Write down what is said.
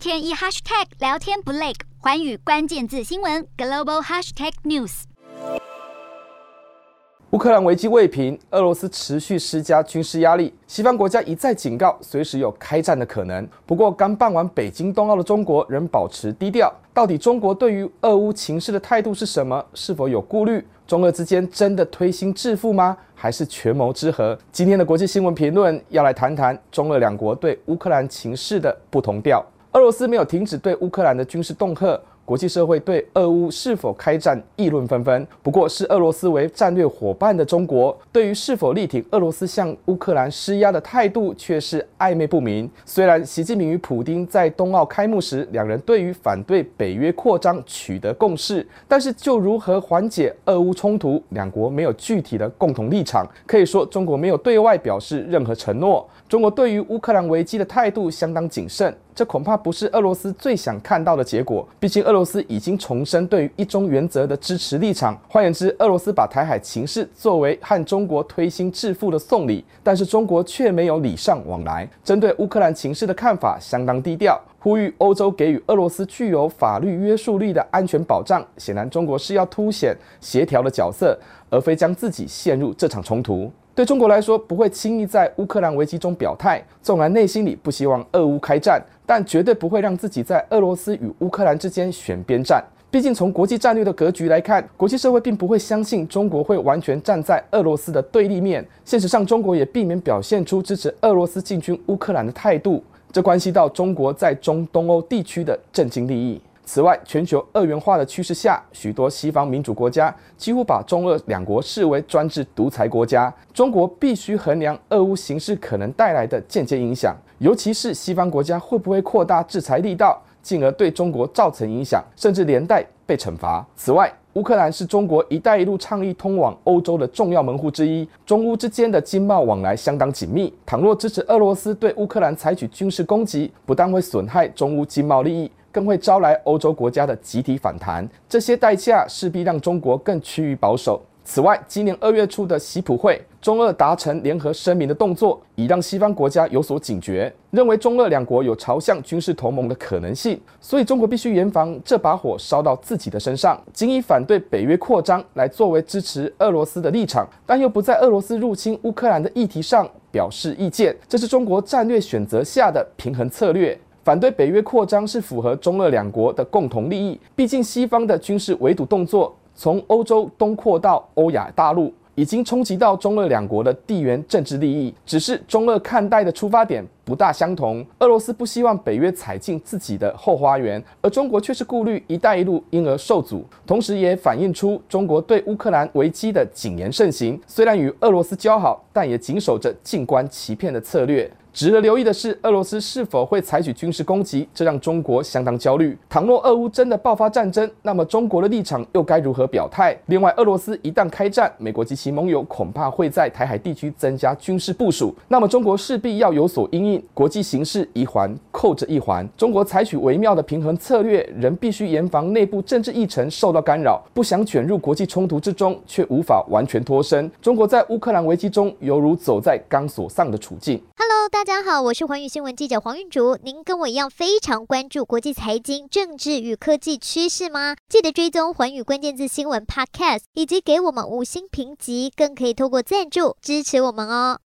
天一 hashtag 聊天不累，寰宇關鍵字新聞 global hashtag news。烏克蘭危機未平，俄羅斯持續施加軍事壓力，西方國家一再警告，隨時有開戰的可能。不過，剛辦完北京冬奧的中國仍保持低調。到底中國對於俄烏情勢的態度是什麼？是否有顧慮？中俄之間真的推心置腹嗎？還是權謀之合？今天的國際新聞評論要來談談中俄兩國對烏克蘭情勢的不同調。俄羅斯沒有停止對烏克蘭的軍事恫嚇，國際社會對俄烏是否開戰議論紛紛。不過，視俄羅斯為戰略夥伴的中國，對於是否力挺俄羅斯向烏克蘭施壓的態度卻是曖昧不明。雖然習近平與普丁在冬奧開幕時，兩人對於反對北約擴張取得共識，但是就如何緩解俄烏衝突，兩國沒有具體的共同立場。可以說，中國沒有對外表示任何承諾。中國對於烏克蘭危機的態度相當謹慎。這恐怕不是俄羅斯最想看到的結果。畢竟，俄羅斯已經重申對於“一中”原則的支持立場。換言之，俄羅斯把台海情勢作為和中國推心置腹的送禮，但是中國卻沒有禮尚往來。針對烏克蘭情勢的看法相當低調，呼籲歐洲給予俄羅斯具有法律約束力的安全保障。顯然，中國是要凸顯協調的角色，而非將自己陷入這場衝突。對中國來說，不會輕易在烏克蘭危機中表態。縱然內心裡不希望俄烏開戰，但絕對不會讓自己在俄羅斯與烏克蘭之間選邊站。畢竟從國際戰略的格局來看，國際社會並不會相信中國會完全站在俄羅斯的對立面。事實上，中國也避免表現出支持俄羅斯進軍烏克蘭的態度，這關係到中國在中東歐地區的政經利益。此外，全球二元化的趨勢下，許多西方民主國家幾乎把中俄兩國視為專制獨裁國家。中國必須衡量俄烏形勢可能帶來的間接影響，尤其是西方國家會不會擴大制裁力道，進而對中國造成影響，甚至連帶被懲罰。此外，烏克蘭是中國“一帶一路”倡議通往歐洲的重要門戶之一，中烏之間的經貿往來相當緊密。倘若支持俄羅斯對烏克蘭採取軍事攻擊，不但會損害中烏經貿利益。更會招來歐洲國家的集體反彈，這些代價勢必讓中國更趨於保守。此外，今年二月初的習普會，中俄達成聯合聲明的動作，已讓西方國家有所警覺，認為中俄兩國有朝向軍事同盟的可能性，所以中國必須嚴防這把火燒到自己的身上。僅以反對北約擴張來作為支持俄羅斯的立場，但又不在俄羅斯入侵烏克蘭的議題上表示意見，這是中國戰略選擇下的平衡策略。反對北約擴張是符合中俄兩國的共同利益。畢竟，西方的軍事圍堵動作從歐洲東擴到歐亞大陸，已經衝擊到中俄兩國的地緣政治利益。只是中俄看待的出發點不大相同。俄羅斯不希望北約踩進自己的後花園，而中國卻是顧慮“一帶一路”因而受阻。同時，也反映出中國對烏克蘭危機的謹言慎行。雖然與俄羅斯交好，但也謹守着靜觀其變的策略。值得留意的是，俄羅斯是否會採取軍事攻擊，這讓中國相當焦慮。倘若俄烏真的爆發戰爭，那麼中國的立場又該如何表態？另外，俄羅斯一旦開戰，美國及其盟友恐怕會在台海地區增加軍事部署，那麼中國勢必要有所因應。國際形勢一環扣着一環，中國採取微妙的平衡策略，仍必須嚴防內部政治議程受到干擾。不想卷入國際衝突之中，卻無法完全脫身。中國在烏克蘭危機中，猶如走在鋼索上的處境。Hello，大家好，我是寰宇新聞記者黃云竹。您跟我一樣非常關注國際財經、政治與科技趨勢嗎？記得追蹤寰宇關鍵字新聞 Podcast，以及給我們五星評級，更可以透過贊助支持我們哦。